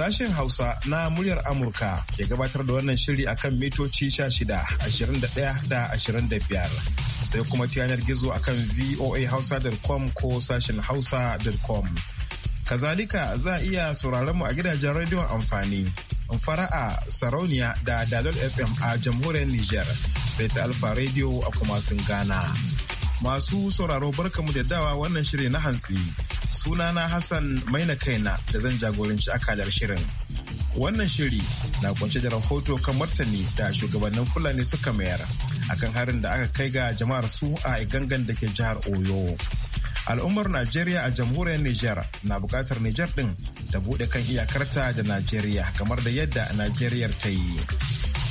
Sashen Hausa na muryar Amurka ke gabatar da wannan shiri akan mitoci 16, 21 da 25. Sai kuma ta yanar gizo akan voahausa.com ko sashen hausa.com. Kazalika za a iya sauraron mu a gidajen rediyon amfani. a Sarauniya da Dalol FM a jamhuriyar Nijar sai ta Alfa rediyo a kuma sun Ghana. Masu sauraro barkamu da dawa wannan shiri na hantsi. sunana Hassan maina kaina da zan jagoranci akalar shirin. Wannan shiri na kunshe da rahoto kan martani da shugabannin Fulani suka mayar akan harin da aka kai ga jama'ar su a gangan da ke jihar Oyo. Al'ummar Najeriya a jamhuriyar Nijar na bukatar Nijar din ta buɗe kan iyakarta da Najeriya kamar da yadda Najeriyar ta yi.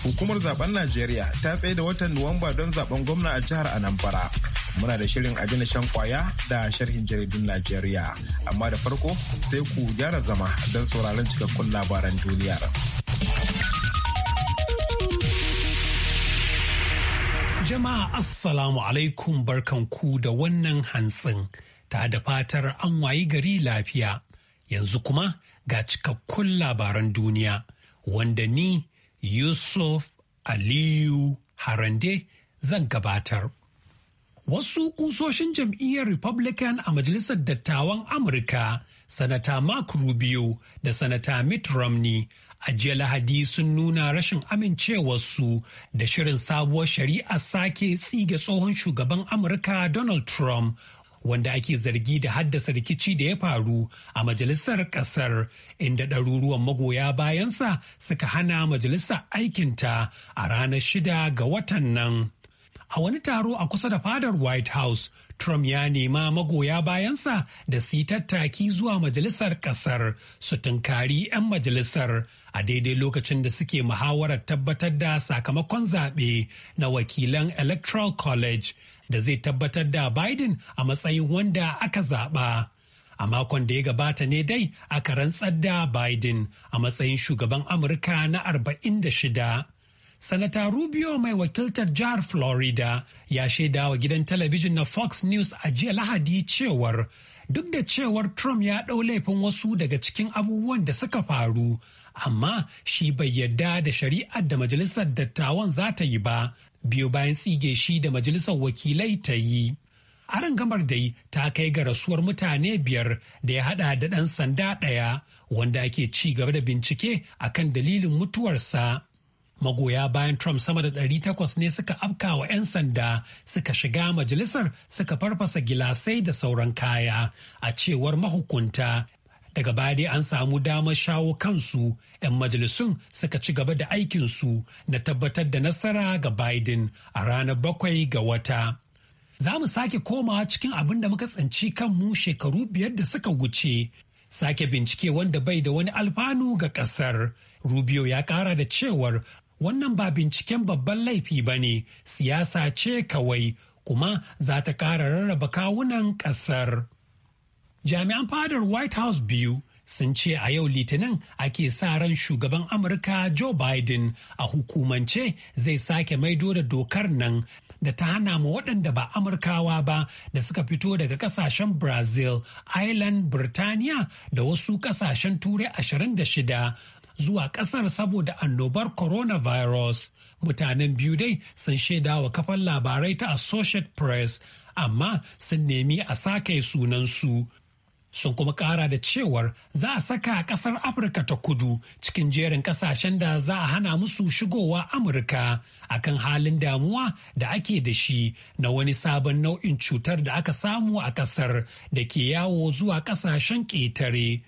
Hukumar zaben Najeriya ta tsaye da watan Nuwamba don zaben gwamna a jihar Anambra. muna da shirin abin shan kwaya da sharhin jaridun Najeriya. Amma da farko sai ku gyara zama don sauraron cikakkun labaran duniyar. Jama'a Assalamu alaikum barkanku da wannan hantsin ta da fatar an wayi gari lafiya. Yanzu kuma ga cikakkun labaran duniya wanda ni Yusuf Aliyu Harande zan gabatar. Wasu kusoshin jam'iyyar Republican a Majalisar Dattawan Amurka, Sanata Mark Rubio da Sanata Mitt Romney, a jiya Lahadi sun nuna rashin amincewarsu da shirin sabuwar shari'a sake tsige tsohon shugaban Amurka Donald Trump wanda ake zargi da haddasa rikici da ya faru a majalisar ƙasar, inda ɗaruruwan magoya bayansa suka hana majalisar aikinta a ranar shida ga watan nan. a wani taro a kusa da fadar white house trump ya nema magoya bayansa da su yi tattaki zuwa majalisar kasar su tunkari 'yan majalisar a daidai lokacin da suke muhawarar tabbatar da sakamakon zaɓe na wakilan electoral college da zai tabbatar da biden a matsayin wanda aka zaɓa a makon da ya gabata ne dai aka rantsar da biden a matsayin shugaban amurka na 46 Sanata Rubio mai wakiltar jihar Florida ya shaida wa gidan talabijin na Fox News a jiya Lahadi cewar duk da cewar Trump ya ɗau laifin wasu daga cikin abubuwan da suka faru, amma shi bai yarda da shari'ar da majalisar dattawan za ta yi ba, biyu bayan tsige shi da majalisar wakilai ta yi. gamar dai ta kai ga rasuwar mutane biyar da ya haɗa da ɗan sanda ɗaya wanda ake ci gaba da bincike akan dalilin mutuwarsa. magoya bayan Trump sama da 800 ne suka afka wa 'yan sanda suka shiga majalisar suka farfasa gilasai da sauran kaya a cewar mahukunta. Daga baya dai an samu damar shawo kansu 'yan majalisun suka ci gaba da aikinsu na tabbatar da nasara ga Biden a ranar bakwai ga wata. Za mu sake komawa cikin abin da muka tsanci kanmu shekaru biyar da suka wuce sake bincike wanda bai da wani alfanu ga ƙasar, Rubio ya ƙara da cewar wannan ba binciken babban laifi ba ne siyasa ce kawai kuma za ta kara rarraba kawunan kasar. Jami'an fadar White House biyu sun ce a yau litinin ake sa ran shugaban Amurka Joe Biden a hukumance zai sake maido da dokar nan da ta hana ma waɗanda ba Amurkawa ba da suka fito daga ƙasashen Brazil, Ireland, Birtaniya da wasu ƙasashen Turai 26 zuwa ƙasar saboda annobar coronavirus. Mutanen biyu dai sun shaida wa kafan labarai ta Associate Press, amma sun nemi a sake sunansu. Sun kuma ƙara da cewar za a saka ƙasar Afirka ta kudu cikin jerin ƙasashen da za a hana musu shigowa Amurka a kan halin damuwa da ake da shi na wani sabon nau'in cutar da aka samu a ƙasar da ke yawo zuwa ƙasashen ƙetare.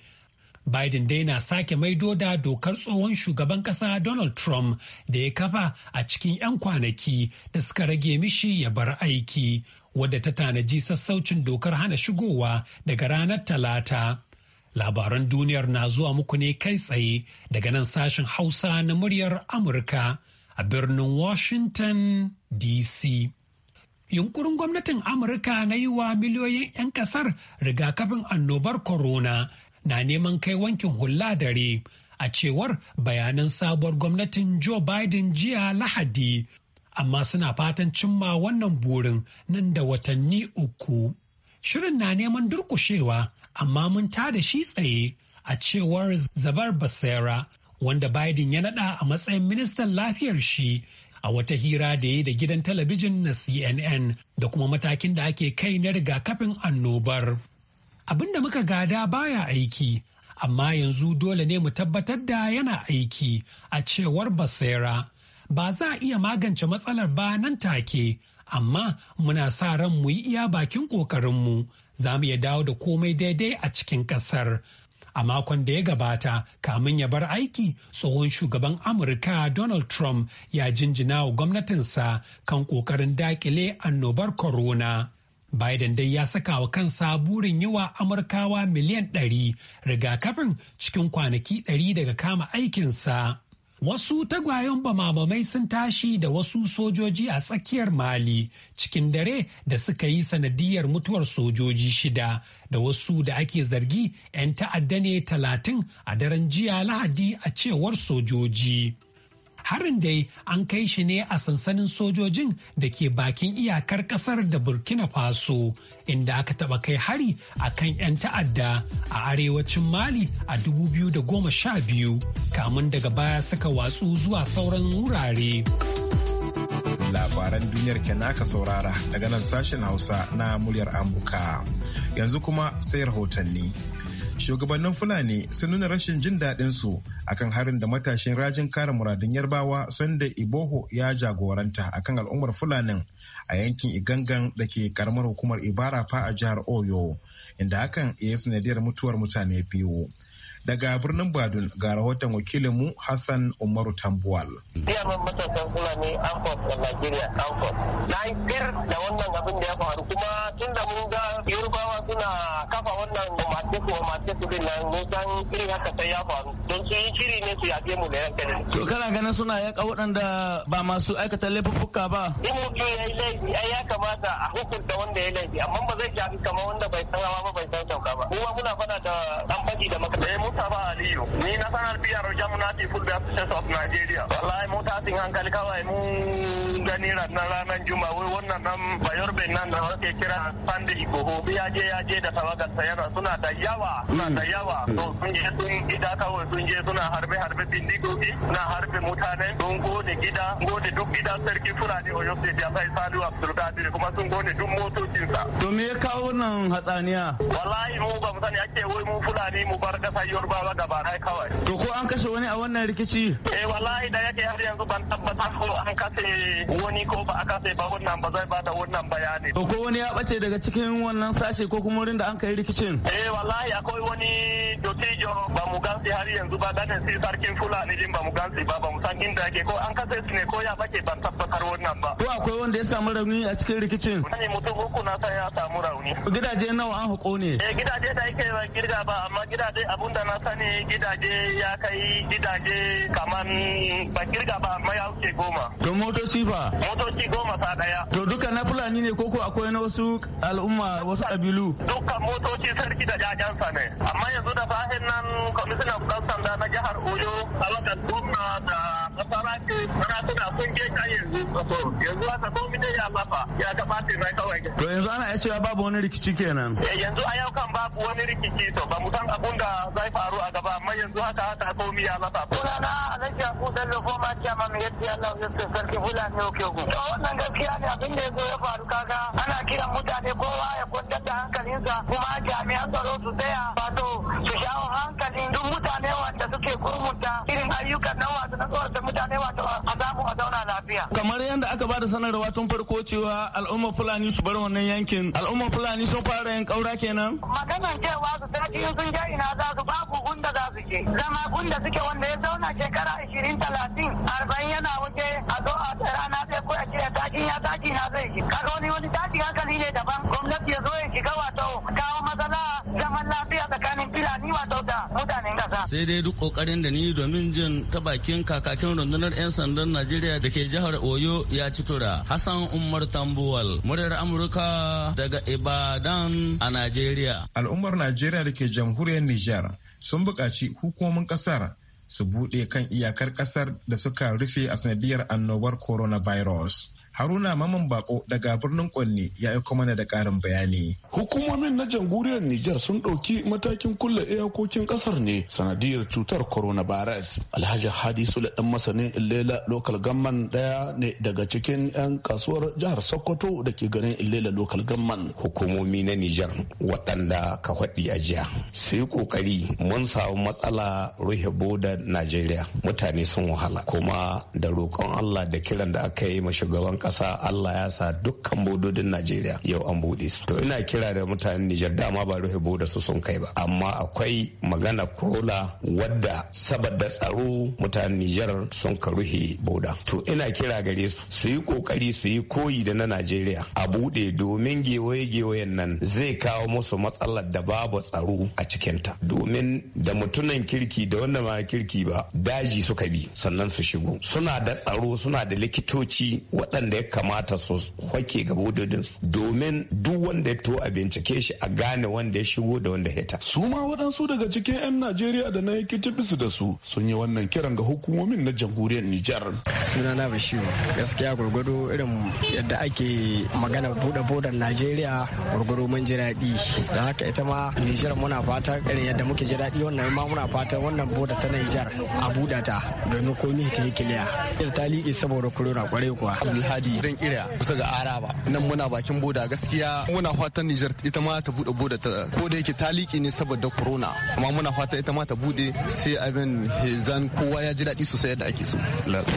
Biden dai na sake maido da dokar tsohon shugaban kasa Donald Trump da ya kafa a cikin 'yan kwanaki da suka rage mishi ya bar aiki, wadda ta tanaji sassaucin dokar hana shigowa daga ranar Talata. Labaran duniyar na zuwa muku ne kai tsaye daga nan sashen Hausa na muryar Amurka a birnin Washington DC. yunkurin gwamnatin amurka na yi wa miliyoyin 'yan ƙasar rigakafin annobar corona na neman kai wankin hula dare a cewar bayanan sabuwar gwamnatin Joe Biden jiya Lahadi, amma suna fatan cimma wannan burin nan da watanni uku. Shirin na neman durkushewa, amma mun ta da shi tsaye a cewar Zabar Basera, wanda Biden ya nada a matsayin ministan lafiyar shi a wata hira da ya yi da gidan talabijin na CNN da kuma matakin da ake kai na rigakafin annobar. abin da muka gada baya aiki amma yanzu dole ne mu tabbatar da yana aiki a cewar basera ba za a iya magance matsalar ba nan take amma muna sa ran mu yi iya bakin ƙoƙarinmu za mu iya dawo da komai daidai a cikin ƙasar a makon da ya gabata kamin ya bar aiki tsohon shugaban amurka donald trump ya jinjina wa gwamnatinsa kan ƙoƙarin daƙile annobar corona Biden dai ya saka wa kansa burin yi wa Amurkawa miliyan ɗari rigakafin cikin kwanaki ɗari daga kama aikinsa. Wasu tagwayen bamamamai sun tashi da wasu sojoji a tsakiyar Mali cikin dare da suka yi sanadiyar mutuwar sojoji shida da wasu da ake zargi 'yan ta'adda ne talatin a daren jiya lahadi a cewar sojoji. harin dai an kai shi ne a sansanin sojojin da ke bakin iyakar kasar da burkina faso inda aka taba kai hari a kan 'yan ta'adda a arewacin mali a 2012 kamun daga baya suka watsu zuwa sauran wurare labaran duniyar ke naka saurara daga nan sashen hausa na muryar amurka yanzu kuma sai rahotanni shugabannin fulani sun nuna rashin jin daɗin su akan harin da matashin rajin kare muradun yarbawa sanda iboho ya jagoranta akan al'ummar fulanin a yankin igangan da ke karamar hukumar ibara fa a jihar oyo inda hakan ya sanadiyar mutuwar mutane biyu Daga birnin Badun ga rahoton wakilinmu Hassan Umaru Tambuwal. Biyaman matakan Fulani Amfos da nigeria Amfos. Na yi da wannan abin da ya faru kuma tun da mun ga Yorubawa suna kafa wannan mateku mateku din nan mun san irin haka sai ya faru. Don su yi shiri ne su yaƙe mu da yankan. To kana ganin suna yaƙa waɗanda ba masu aikata laifuffuka ba. In mutum ya yi laifi ai ya kamata a hukunta wanda ya laifi amma ba zai shafi kamar wanda bai san rawa ba bai san sauka ba. Kuma muna fada da ɗan faɗi da makarai Dr. Aliyu, ni National PR Jamuna People Association of Nigeria. Wallahi mota sin hankali kawai mu gani na ranar juma wai wannan nan bai nan da wake kira sande igoho ya je ya je da tawagarsa yana suna da yawa suna da yawa mm. to sun je sun gida kawai sun je suna harbe harbe bindigogi na harbe mutane sun gode gida gode duk gida sarki ne oyo sai da sai sadu abdulkadir kuma sun gode duk sa to me ya kawo wannan hatsaniya. wallahi mu ba mu sani ake wai mu fulani mu bar kasar yorubawa gaba dai kawai. to ko an kashe wani a wannan rikici. eh wallahi da yake har yanzu ban tabbata ko an kashe wani ko ba a kasa ba wannan ba zai bada wannan bayani. To ko wani ya bace daga cikin wannan sashe ko kuma wurin da an kai rikicin? Eh wallahi akwai wani dotijo ba mu gansi har yanzu ba ganin sai sarkin Fulani din ba mu gansi ba ba mu san inda yake ko an kasa ne ko ya bace ban tabbatar wannan ba. Ko akwai wanda ya samu rauni a cikin rikicin? Wani mutum uku na sa ya samu rauni. Gidaje nawa an hako ne? Eh gidaje da yake ba girga ba amma gidaje abunda na sani gidaje ya kai gidaje kaman ba girga ba amma ya wuce goma. don motoci ba? motoci goma sa daya. To duka na Fulani ne koko akwai na wasu al'umma wasu ƙabilu? Dukkan motoci sarki da jajensa ne. Amma yanzu da bahin nan kwamishinan ɗan sanda na jihar Oyo, A alaƙar gwamna da masaraki suna sun je kan yanzu. Yanzu haka komi ne ya lafa ya gabata na kawai. To yanzu ana iya cewa babu wani rikici kenan. Eh, yanzu a yau kan babu wani rikici to ba mu san abun da zai faru a gaba amma yanzu haka haka komi ya lafa. Sunana Alhaji Abu Dallo Foma Chairman Yadda Allah ya sarki Fulani ɗauke ku. wannan gaskiya ne abin da ya zo ya faru kaga ana kiran mutane kowa ya kwantar da hankalinsa kuma jami'an tsaro su tsaya wato su shawo hankalin duk mutane wanda suke kurmuta irin ayyukan na wato na tsawarta mutane wato a zamu a zauna lafiya. Kamar yadda aka ba da sanarwa tun farko cewa al'ummar Fulani su bar wannan yankin al'ummar Fulani sun fara yin ƙaura kenan. Maganan cewa su in sun je ina za su babu gunda za su je. Zama gunda suke wanda ya zauna shekara ashirin talatin arba'in ya in ya tashi na zai shi kaga wani wani tashi hankali ne daban gwamnati ya zo ya shiga wato kawo matsala zaman lafiya tsakanin filani wato da mutanen kasa sai dai duk kokarin da ni domin jin ta bakin kakakin rundunar 'yan sandan najeriya da ke jihar oyo ya ci tura hassan umar tambuwal muryar amurka daga ibadan a najeriya al'ummar najeriya da ke jamhuriyar nijar sun buƙaci hukumomin ƙasar su buɗe kan iyakar ƙasar da suka rufe a sanadiyar annobar coronavirus. Haruna Maman Bako daga birnin Kwanne ya aiko mana da ƙarin bayani. Hukumomin na jamhuriyar Nijar sun ɗauki matakin kulle iyakokin ƙasar ne sanadiyar cutar coronavirus. Alhaji Hadi Sule ɗan masanin Ilela Local Gamman ɗaya ne daga cikin 'yan kasuwar jihar Sokoto da ke garin Ilela Local Gamman. Hukumomi na Nijar waɗanda ka faɗi a jiya. Su yi ƙoƙari mun samu matsala ruhe boda Najeriya. Mutane sun wahala kuma da roƙon Allah da kiran da aka yi ma shugaban Ƙasa Allah ya sa dukkan bododin Najeriya yau an bude su to ina kira da mutanen Nijar dama ba ruhe boda su sun kai ba amma akwai magana krola wadda saboda tsaro mutanen Nijar sun ka ruhe boda to ina kira gare su su yi kokari su yi koyi da na Najeriya a bude domin gewaye-gewayen nan zai kawo musu matsalar da babu tsaro a cikinta domin da mutunan kirki da wanda ma kirki ba daji suka bi sannan su shigo suna da tsaro suna da likitoci waɗanda da ya kamata su hwake ga bududinsu domin duk wanda ya to a bincike shi a gane wanda ya shigo da wanda ya ta. su ma waɗansu daga cikin 'yan najeriya da na yake tibisu da su sun yi wannan kiran ga hukumomin na jamhuriyar nijar. suna na bashiru gaskiya gurgudu irin yadda ake magana buɗe bodar najeriya gurgudu mun ji daɗi da haka ita ma nijar muna fata irin yadda muke ji daɗi wannan ma muna fata wannan boda ta nijar a buɗa ta domin komi ta yi kiliya. ta liƙe saboda corona kwarai kuwa. Chadi don Iriya kusa ga Araba nan muna bakin boda gaskiya muna fatan Niger ita ma ta bude boda ta ko da yake taliki ne saboda corona amma muna fata ita ma ta bude sai abin hezan kowa ya ji daɗi sosai yadda ake so.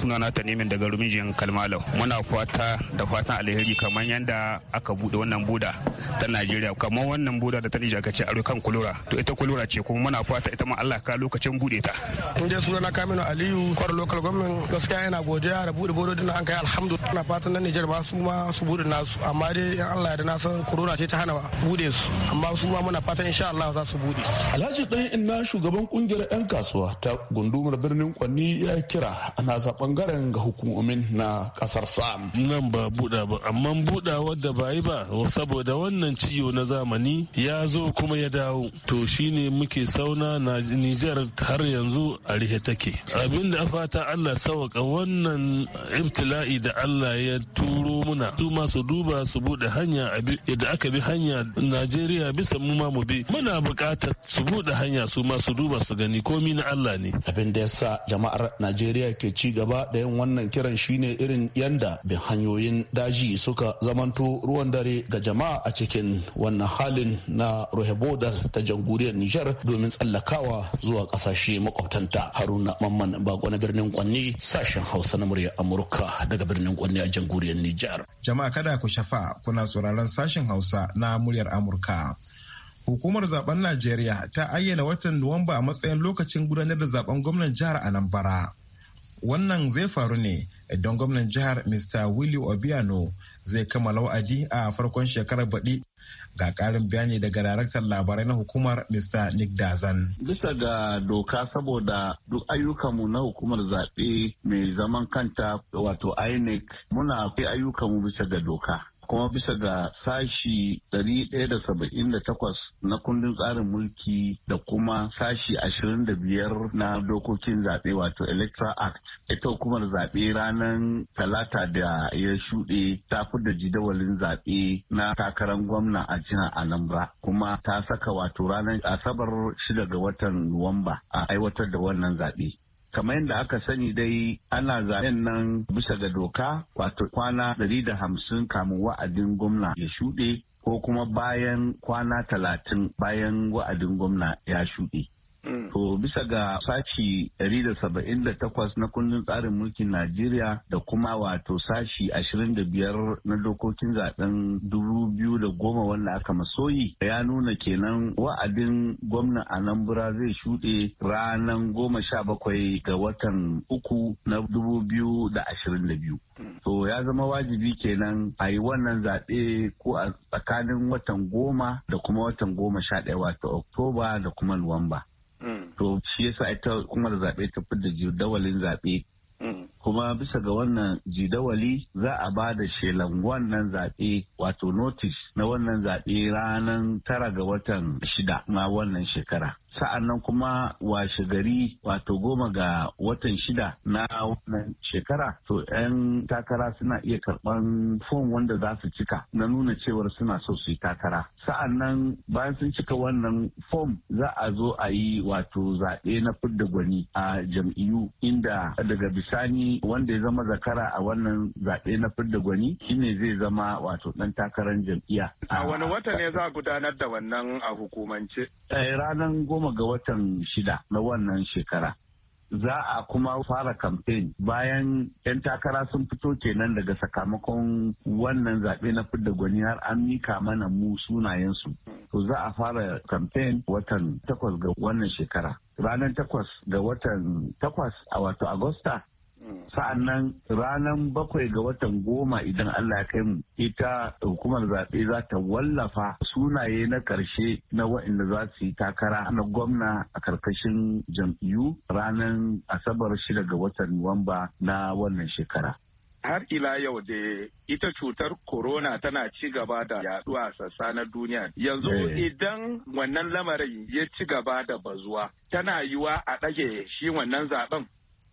Sunana Tanimin daga Rumijin Kalmalau muna fata da fatan alheri kamar yadda aka bude wannan boda ta Najeriya kamar wannan boda da ta Niger ka ce aro kan kulura to ita kulura ce kuma muna fata ita ma Allah ka lokacin bude ta. Kun sunana Kaminu Aliyu kwar local government gaskiya yana godiya da bude din an kai alhamdulillah fatan na Nijar ma su ma su bude nasu amma dai in Allah ya na san corona ce ta hana bude su amma su ma muna fatan insha Allah za su bude. Alhaji dan inna shugaban kungiyar 'yan kasuwa ta gundumar birnin Kwanni ya kira ana za bangaren ga hukumomin na kasar Sam. Nan ba buɗa ba amma buɗa wadda ba yi ba saboda wannan ciwo na zamani ya zo kuma ya dawo to shine muke sauna na Nijar har yanzu a rihe take. abinda fata Allah sawaka wannan ibtila'i da Allah ya ya turo muna su masu duba su bude hanya yadda aka bi hanya najeriya bisa mu ma mu bi muna buƙatar su bude hanya su masu duba su gani komi na allah ne abin da yasa jama'ar najeriya ke ci gaba da yin wannan kiran shine irin yanda bin hanyoyin daji suka zamanto ruwan dare ga jama'a a cikin wannan halin na rohebodar ta jamhuriyar nijar domin tsallakawa zuwa ƙasashe makwabtanta haruna mamman bako na birnin kwanni sashen hausa na murya amurka daga birnin kwanni a jamhuriyar Nijar. Jama'a kada ku shafa kuna sauraron sashen Hausa na muryar Amurka. Hukumar zaben Najeriya ta ayyana watan Nuwamba a matsayin lokacin gudanar da zaben gwamnan jihar Anambra. wannan zai faru ne idan gwamnan jihar mr willy obiano zai kammala wa'adi a farkon shekarar baɗi ga ƙarin bayani daga daraktan labarai na hukumar mr nick dazan bisa ga doka saboda duk ayyukanmu na hukumar zaɓe mai zaman kanta wato inec muna kai ayyukanmu bisa ga doka kuma bisa ga sashi 178 na kundin tsarin mulki da kuma sashi 25 na dokokin zaɓe wato electoral act ita hukumar zaɓe ranar talata da ya shuɗe ta da jidawalin zaɓe na takarar gwamna a jihar anambra kuma ta saka wato ranar asabar 6 ga watan nuwamba a aiwatar da wannan zaɓe kamar yadda aka sani dai ana zaben nan bisa ga doka wato kwana hamsin kamun wa'adin gwamna ya shuɗe ko kuma bayan kwana talatin bayan wa'adin gwamna ya shuɗe Mm. To bisa ga sashi 178 na kundin tsarin mulkin Najeriya da kuma wato sashi 25 na dokokin zaben 2010 wanda aka masoyi ya nuna kenan wa'adin gwamnan Anambra zai shuɗe ranar 17 ga watan uku na 2022. Mm. To ya zama wajibi kenan a yi wannan zaɓe ko a tsakanin watan goma da kuma watan goma sha ɗaya wato Oktoba da kuma Nuwamba. Mm. to shi yasa ita kuma da zaɓe ta fi da jidawalin zaɓe mm. kuma bisa ga wannan jidawali za a ba da shelan wannan zaɓe wato notice na wannan zaɓe ranar tara ga watan shida na wannan shekara. sa'an nan kuma washe gari wato goma ga watan shida na wannan shekara to 'yan takara suna iya karban fom wanda za su cika na nuna cewar suna so su yi takara sa'an nan bayan sun cika wannan fom za a zo a yi wato zaɓe na fidda gwani a jam'iyyu inda daga bisani wanda ya zama zakara a wannan zaɓe na fidda gwani shine zai zama wato ɗan takarar jam'iyya a wani wata ne za a gudanar da wannan a hukumance eh, ranar goma goma ga watan shida na wannan shekara za a kuma fara kamfen bayan 'yan takara sun fito kenan daga sakamakon wannan zaɓe na fidda gwani har an mika mana mu sunayensu. To za a fara kamfen watan takwas ga wannan shekara. Ranar takwas ga watan takwas a wato Agusta sa'annan ranar bakwai ga watan goma idan Allah ya kai mu ita hukumar zaɓe za ta wallafa sunaye na ƙarshe na waɗanda za su yi takara na gwamna a karkashin jam'iyyu ranar asabar shida ga watan Nuwamba na wannan shekara. har ila yau da ita cutar corona tana ci gaba da yaduwa a sassa na duniya yanzu eh. idan wannan lamarin ya ci gaba da bazuwa tana yiwa a ɗage shi wannan zaben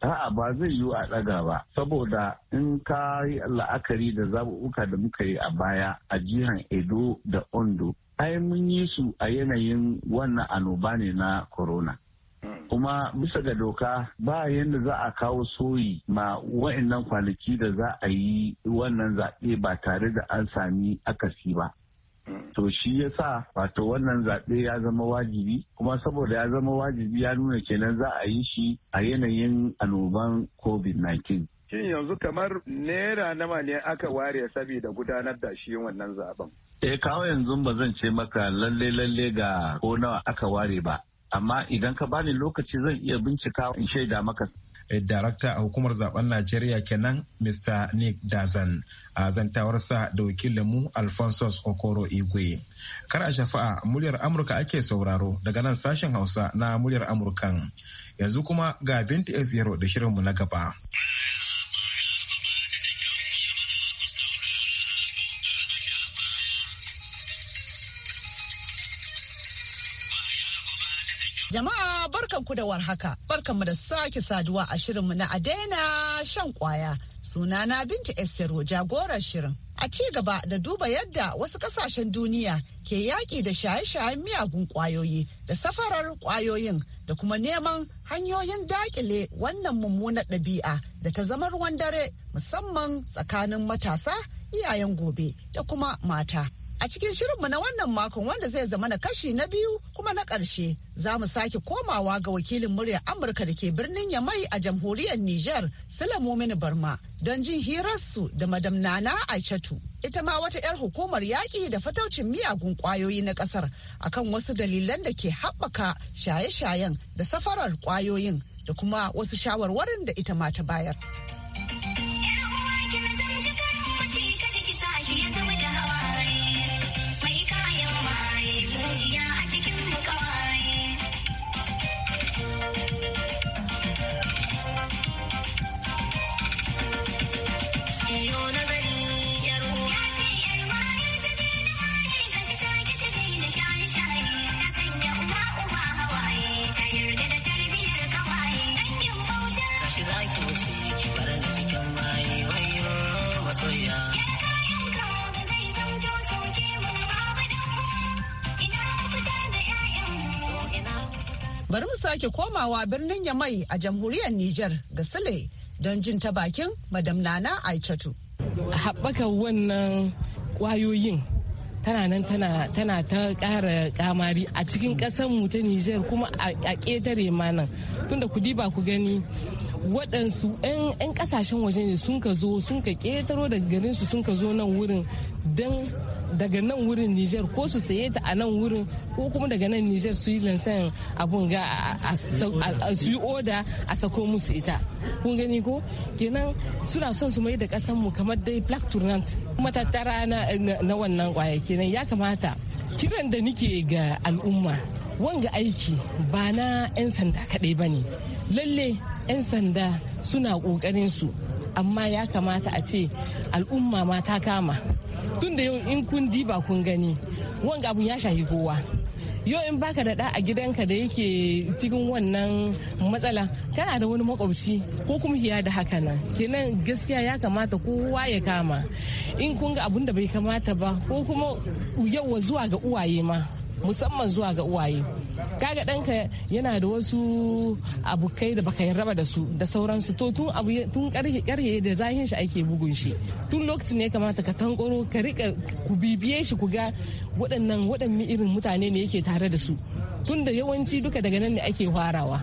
A'a ba zai yiwu a ɗaga ba, saboda in ka yi la'akari da zaɓuɓɓuka da muka yi a baya a jihar Edo da Ondo, ai mun yi su a yanayin wannan annoba ne na corona. Mm. Kuma bisa ga doka ba yadda za a kawo soyi ma wa'annan kwanaki da za a yi wannan zaɓe ba tare da an sami akasi ba. To shi ya sa wato wannan zaɓe ya zama wajibi kuma saboda ya zama wajibi ya nuna kenan za a yi shi a yanayin anoban COVID-19. Shin yanzu kamar naira nawa ne aka ware saboda gudanar da shi wannan zaben? Eh kawo yanzu ba zan ce maka lalle lalle ga ko nawa aka ware ba. Amma idan ka bani lokaci zan iya bincika in shaida maka. Eh, darakta a hukumar zaben najeriya kenan mr nick dazan a zantawarsa da wakilinmu alphonsus okoro igwe kar a shafa'a muryar amurka ake sauraro daga nan sashen hausa na muryar amurkan yanzu kuma ga binti ezero da shirinmu na gaba jama'a barkan ku da warhaka. Barkan mu da sake saduwa a shirinmu na Adena shan kwaya. Sunana Binta Esero jagorar shirin. A ci gaba da duba yadda wasu kasashen duniya ke yaƙi da shaye-shayen miyagun ƙwayoyi da safarar ƙwayoyin da kuma neman hanyoyin dakile wannan mummunar ɗabi'a da ta zama ruwan dare musamman tsakanin matasa, iyayen gobe da kuma mata. A cikin shirinmu na wannan makon wanda zai zama na kashi na biyu kuma na ƙarshe za mu sake komawa ga wakilin Murya Amurka da ke birnin Yamai a jamhuriyar Niger, Sulamomini Barma, don jin hirarsu da Madam Nana Aishatu. Ita ma wata 'yar hukumar yaƙi da fataucin miyagun ƙwayoyi na ƙasar akan wasu dalilan da ke haɓaka shaye-shayen da safarar ƙwayoyin da kuma wasu shawarwarin da ita ma ta bayar. Bari mu sake komawa birnin Yamai a jamhuriyar Nijar ga Sule don jin ta bakin Madam Nana Aichatu. Haɓaka wannan ƙwayoyin tana nan tana ta ƙara kamari a cikin mu ta Nijar kuma a ƙetare ma nan tunda ku ba ku gani waɗansu 'yan ƙasashen waje ne sun ka zo sun ka ƙetaro daga garinsu sun ka zo nan wurin don daga nan wurin Niger ko su saye ta a nan wurin ko kuma daga nan Niger su yi lansan abun ga su yi oda a sako musu ita. Kun gani ko? Kenan suna son su mai da kasan mu kamar dai Black Turnant matattara na wannan kwaya kenan ya kamata kiran da nike ga al'umma wanga aiki ba na 'yan sanda kaɗai ba ne lalle 'yan sanda suna ƙoƙarin su amma ya kamata a ce al'umma ma ta kama tun da yau in kun diba kun gani wanga abun ya shahi kowa yau in baka da da a gidanka da yake cikin wannan matsala kana da wani makwabci ko kuma hiya da haka nan kenan gaskiya ya kamata kowa ya kama in kun ga abun da bai kamata ba ko kuma yau zuwa ga uwaye ma musamman zuwa ga uwaye kaga ɗanka yana da wasu abokai da baka yarda da su da sauransu to tun abu tun karhe da zahin shi ake bugun shi tun lokacin ne kamata ka tankoro ka rika ku bibiye shi ku ga waɗannan waɗannan irin mutane ne yake tare da su tun da yawanci duka daga nan ne ake farawa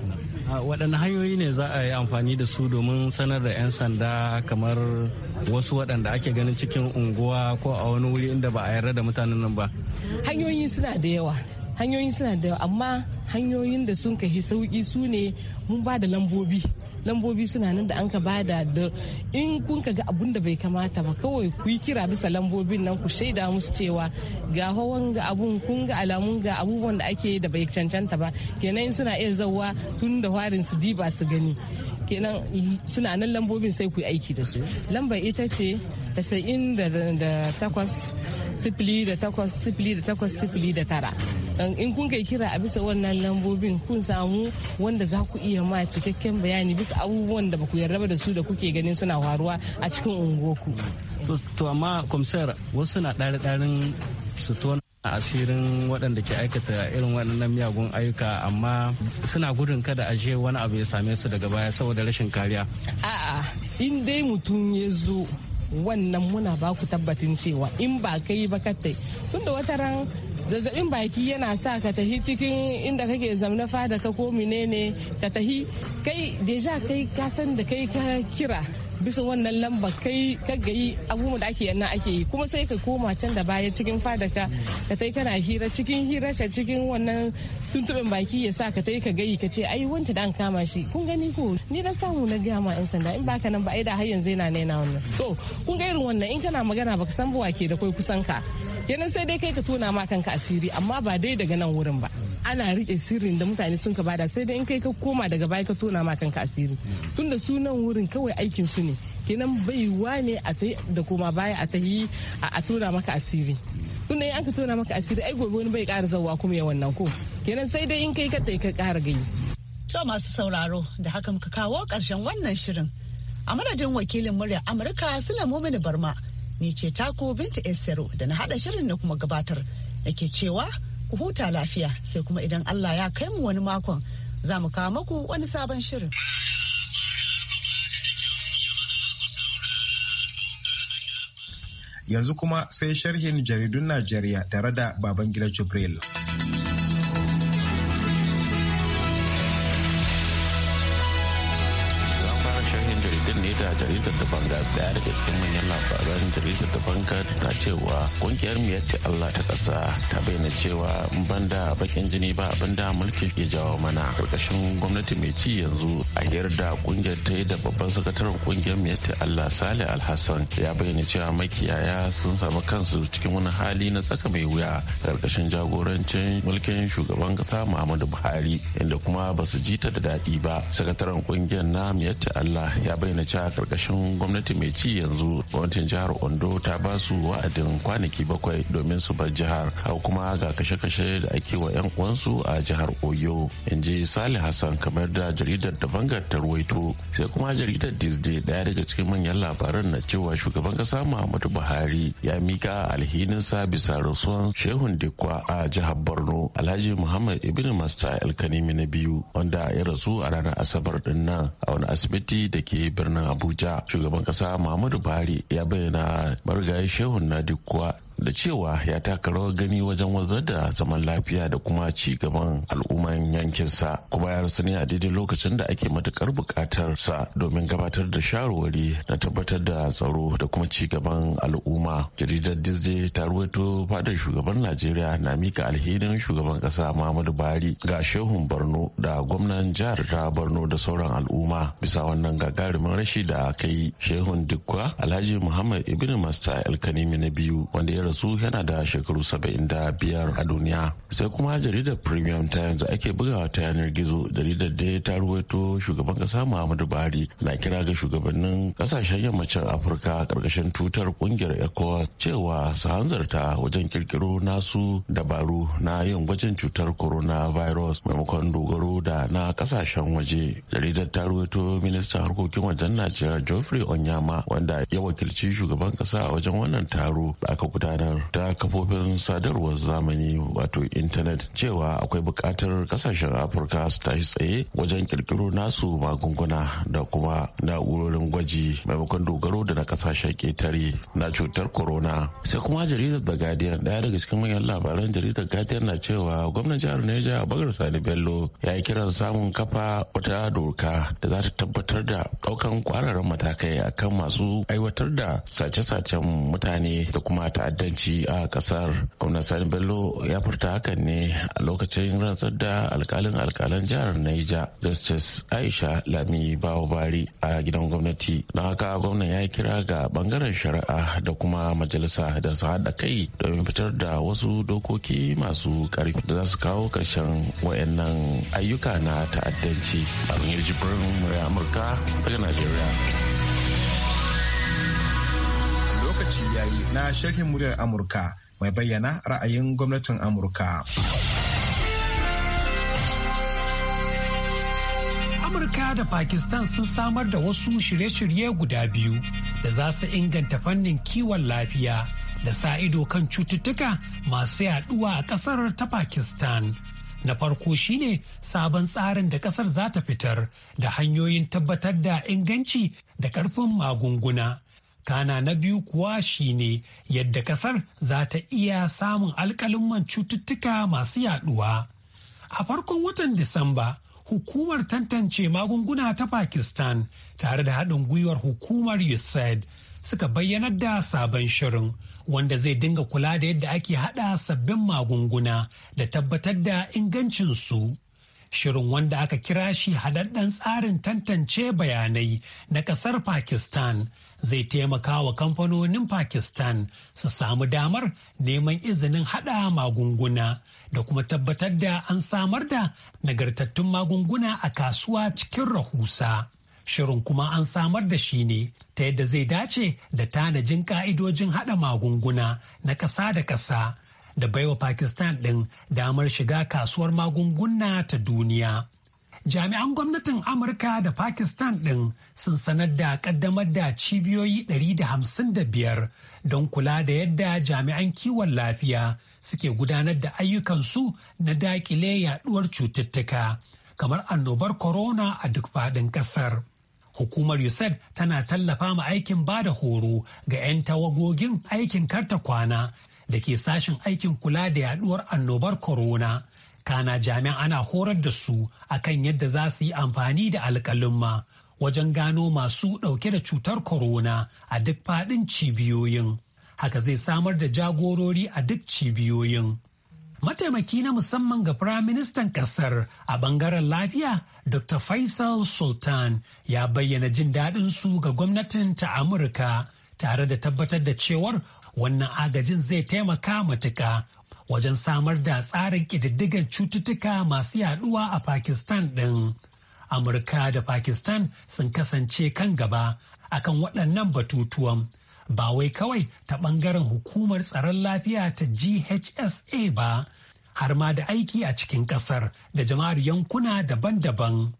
waɗanne hanyoyi ne za a yi amfani da su domin sanar da 'yan sanda kamar wasu waɗanda ake ganin cikin unguwa ko a wani wuri inda ba a yarda da mutanen nan ba hanyoyi suna da yawa hanyoyin suna da amma hanyoyin da sun kai sauki su ne mun ba da lambobi lambobi suna nan da an ka bada da in kun ka ga abun da bai kamata ba kawai ku kira bisa lambobin nan ku shaida musu cewa ga hawan ga abun kun ga alamun ga abubuwan da ake da bai cancanta ba kenan suna iya zawa tun da warin su diba su gani kenan suna nan lambobin sai ku yi aiki da su lambar ita ce 98 sifili da takwas sifili da takwas sifili da tara in kun kai kira a bisa wannan lambobin kun samu wanda za ku iya ma cikakken bayani bisa abubuwan da ba ku yarda da su da kuke ganin suna faruwa a cikin unguwarku. to amma komisar wasu na ɗari-ɗarin su tona asirin waɗanda ke aikata irin waɗannan miyagun ayyuka amma suna gudun kada a je wani abu ya same su daga baya saboda rashin kariya a'a in dai mutum ya zo wannan muna ba ku tabbatin cewa in ba kai ba ka tunda wata ran zazzabin baki yana sa ka tahi cikin inda kake zamna fada ka ko menene ka tahi kai deja kai ka san da kai ka kira bisa wannan lamba kai kaggayi abubuwan da ake yana ake yi kuma sai ka koma can da baya cikin fadaka ka tai kana hira cikin hira ka cikin wannan tuntuɓin baki ya sa ka tai ka gayi ka ce ai wanta da an kama shi kun gani ko ni dan samu na gaya ma yan sanda in baka nan ba ai da har yanzu yana nena wannan to kun ga irin wannan in kana magana baka san ba ke da kai kusan ka kenan sai dai kai ka tona ma kanka asiri amma ba dai daga nan wurin ba ana rike sirrin da mutane sun ka bada sai dai in kai ka koma daga baya ka tona ma kanka asiri tunda sunan wurin kawai aikin su ne kenan wa ne a ta da koma baya a ta yi a tona maka asiri tunda in an ka tona maka asiri ai gobe wani bai kara zawa kuma ya wannan ko kenan sai dai in kai ka tai ka kara gani. to masu sauraro da haka muka kawo karshen wannan shirin a madadin wakilin murya amurka suna mini barma ni ce taku binta esero da na hada shirin na kuma gabatar da ke cewa ku huta lafiya sai kuma idan Allah ya kai mu wani makon za mu kawo maku wani sabon shirin. Yanzu kuma sai sharhin jaridun Najeriya tare da Babangida Jibril. Jibril. da Vanguard daya daga cikin manyan labaran jaridar da Vanguard na cewa kungiyar miyatti Allah ta kasa ta bayyana cewa in banda bakin jini ba abin da mulki ke jawo mana karkashin gwamnati mai ci yanzu a yarda kungiyar ta yi da babban sakataren kungiyar miyatti Allah Sale Alhassan ya bayyana cewa makiyaya sun samu kansu cikin wani hali na tsaka mai wuya karkashin jagorancin mulkin shugaban kasa Muhammadu Buhari inda kuma basu su ji da daɗi ba sakataren kungiyar na miyatti Allah ya bayyana cewa karkashin gwamnati mai ci yanzu gwamnatin jihar ondo ta ba su wa'adin kwanaki bakwai domin su bar jihar hau kuma ga kashe-kashe da ake wa 'yan uwansu a jihar oyo in ji salih hassan kamar da jaridar da bangar ta ruwaito sai kuma jaridar disney daya daga cikin manyan labaran na cewa shugaban kasa muhammadu buhari ya mika alhininsa bisa rasuwan shehun dikwa a jihar borno alhaji muhammad ibn masta alkanimi na biyu wanda ya rasu a ranar asabar din a wani asibiti da ke birnin abuja shugaban kasa muhammadu buhari ya bayyana marigayi shehun kuwa. da cewa ya taka rawar gani wajen wanzar da zaman lafiya da kuma ci gaban al'umman yankinsa kuma ya rasu ne a daidai lokacin da ake matukar bukatar sa domin gabatar da shawarwari na tabbatar da tsaro da kuma ci gaban al'umma jaridar dizde ta ruwaito fadar shugaban najeriya na mika alhinin shugaban kasa muhammadu buhari ga shehun borno da gwamnan jihar ta borno da sauran al'umma bisa wannan gagarumin rashi da aka yi shehun dukwa alhaji muhammad ibn masta alkanimi na biyu wanda ya rasu yana da shekaru 75 a duniya sai kuma jaridar premium ta ake bugawa ta yanar gizo jaridar da ta ruwaito shugaban kasa muhammadu buhari na kira ga shugabannin kasashen yammacin afirka karkashin tutar kungiyar ecowas cewa su hanzarta wajen kirkiro nasu dabaru na yin gwajin cutar coronavirus maimakon dogaro da na kasashen waje jaridar ta ruwaito ministan harkokin wajen najeriya geoffrey onyama wanda ya wakilci shugaban kasa a wajen wannan taro da aka gudanar gudanar ta kafofin sadarwar zamani wato intanet cewa akwai bukatar kasashen afirka su tashi tsaye wajen kirkiro nasu magunguna da kuma na'urorin gwaji maimakon dogaro da na kasashen ketare na cutar corona sai kuma jaridar da guardian daya daga cikin manyan labaran jaridar guardian na cewa gwamnan jihar neja bagar sani bello ya yi kiran samun kafa wata doka da za ta tabbatar da ɗaukan kwararan matakai akan masu aiwatar da sace-sacen mutane da kuma ta'addar ta'addanci a kasar gwamnan sani bello ya furta hakan ne a lokacin rantsar da alkalin alkalan jihar naija justice aisha lami bawabari a gidan gwamnati don haka gwamnan ya kira ga bangaren shari'a da kuma majalisa da su haɗa kai domin fitar da wasu dokoki masu ƙarfi da za su kawo ƙarshen wayannan ayyuka na ta'addanci a yarjibirin amurka daga najeriya lokaci yi na sharhin muryar Amurka mai bayyana ra'ayin gwamnatin Amurka. Amurka da Pakistan sun samar da wasu shirye-shirye guda biyu da za su inganta fannin kiwon lafiya da sa ido kan cututtuka masu yaduwa a kasar ta Pakistan. Na farko shine sabon tsarin da kasar za ta fitar da hanyoyin tabbatar da inganci da karfin magunguna kana na biyu kuwa shine yadda kasar za ta iya samun alkalin cututtuka masu yaduwa a farkon watan disamba hukumar tantance magunguna ta pakistan tare da haɗin gwiwar hukumar usaid suka bayyanar da sabon shirin wanda zai dinga kula da yadda ake haɗa sabbin magunguna da tabbatar da ingancinsu shirin wanda aka kira shi haɗaɗɗen tsarin tantance bayanai na ƙasar pakistan zai taimaka wa kamfanonin Pakistan su samu damar neman izinin hada magunguna da kuma tabbatar da an samar da nagartattun magunguna a kasuwa cikin rahusa. Shirin kuma an samar da shi ne ta yadda zai dace da tanajin ka'idojin hada magunguna na ƙasa da ƙasa da baiwa Pakistan ɗin damar shiga kasuwar magunguna ta duniya. jami'an gwamnatin amurka da pakistan ɗin sun sanar da ƙaddamar da cibiyoyi 155 don kula da yadda jami'an kiwon lafiya suke gudanar da ayyukansu na dakile yaduwar cututtuka kamar annobar corona a duk faɗin ƙasar hukumar USAID tana tallafa ma aikin ba da horo ga 'yan tawagogin aikin karta kwana da ke sashen aikin kula da yaduwar annobar corona kana jami'an ana horar da su akan yadda za su yi amfani da alƙalumma wajen gano masu ɗauke da cutar corona a duk faɗin cibiyoyin haka zai samar da jagorori a duk cibiyoyin mataimaki na musamman ga firaministan ƙasar a ɓangaren lafiya dr faisal sultan ya bayyana jin daɗin su ga gwamnatin ta amurka tare da tabbatar da cewar wannan agajin zai taimaka matuƙa wajen samar da tsarin ƙididdigar cututtuka masu yaduwa a Pakistan ɗin. Amurka da Pakistan sun kasance kan gaba akan waɗannan batutuwan ba wai kawai ta ɓangaren hukumar tsaron lafiya ta GHSA ba har ma da aiki a cikin ƙasar da jama'ar yankuna daban-daban.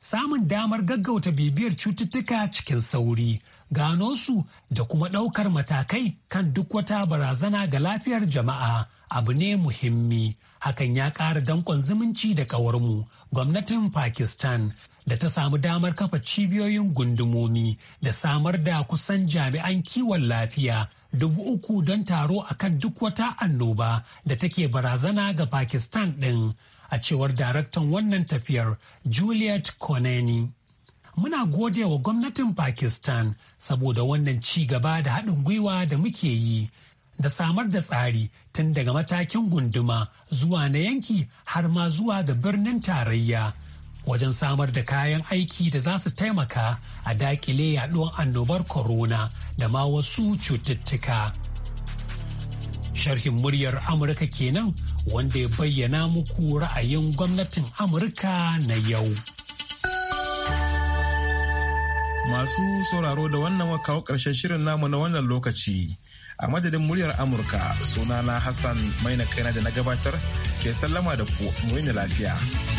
Samun damar gaggauta bibiyar cututtuka cikin sauri, gano su da kuma ɗaukar matakai kan duk wata barazana ga lafiyar jama'a abu ne muhimmi hakan ya ƙara danƙon zumunci da ƙawarmu gwamnatin pakistan da ta samu damar kafa cibiyoyin gundumomi da samar da kusan jami'an kiwon lafiya dubu uku don taro a kan duk wata annoba da take barazana ga pakistan ɗin a cewar daraktan wannan tafiyar juliet koneni muna gode wa gwamnatin pakistan saboda wannan ci gaba da haɗin gwiwa da muke yi da samar da tsari tun daga matakin gunduma zuwa na yanki har ma zuwa da birnin tarayya wajen samar da kayan aiki da za su taimaka a dakile yaduwar annobar corona da ma wasu cututtuka. Sharhin muryar Amurka kenan wanda ya bayyana muku ra'ayin gwamnatin Amurka na yau. Masu sauraro da wannan wakawa ƙarshen shirin namu na wannan lokaci. a madadin muryar amurka sunana hassan maina kaina da na gabatar ke sallama da ku muni lafiya